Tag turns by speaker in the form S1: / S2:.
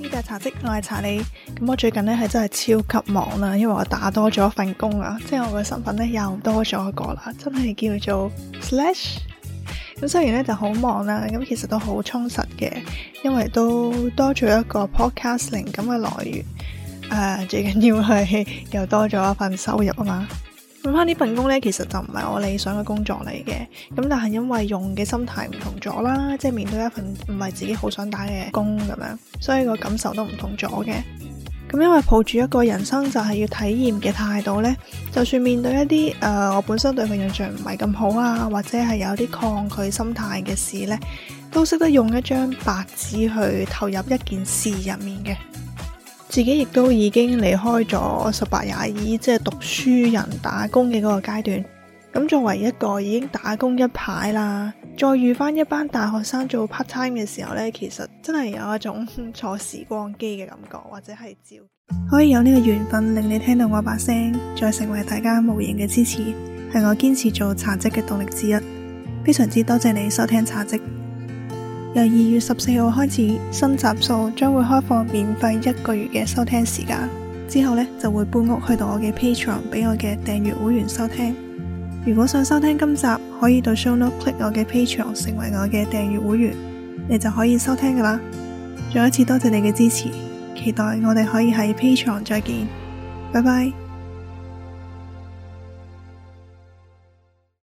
S1: 呢個茶嘖，hey, z z 我係茶理，咁我最近咧，係真係超級忙啦，因為我打多咗一份工啊，即係我嘅身份咧，又多咗一個啦，真係叫做 Slash。咁雖然咧，就好忙啦，咁其實都好充實嘅，因為都多咗一個 podcast 靈感嘅來源。誒，最緊要係又多咗一份收入啊嘛～咁翻呢份工呢，其實就唔係我理想嘅工作嚟嘅。咁但係因為用嘅心態唔同咗啦，即係面對一份唔係自己好想打嘅工咁樣，所以個感受都唔同咗嘅。咁因為抱住一個人生就係要體驗嘅態度呢，就算面對一啲誒、呃、我本身對佢印象唔係咁好啊，或者係有啲抗拒心態嘅事呢，都識得用一張白紙去投入一件事入面嘅。自己亦都已經離開咗十八廿二，即係讀書人打工嘅嗰個階段。咁作為一個已經打工一排啦，再遇翻一班大學生做 part time 嘅時候呢，其實真係有一種坐時光機嘅感覺，或者係照可以有呢個緣分令你聽到我把聲，再成為大家無形嘅支持，係我堅持做茶嘖嘅動力之一。非常之多謝你收聽茶嘖。由二月十四號開始，新集數將會開放免費一個月嘅收聽時間，之後呢，就會搬屋去到我嘅 Patreon 俾我嘅訂閱會員收聽。如果想收聽今集，可以到 ShowNote click 我嘅 Patreon 成為我嘅訂閱會員，你就可以收聽噶啦。再一次多謝你嘅支持，期待我哋可以喺 Patreon 再見，拜拜。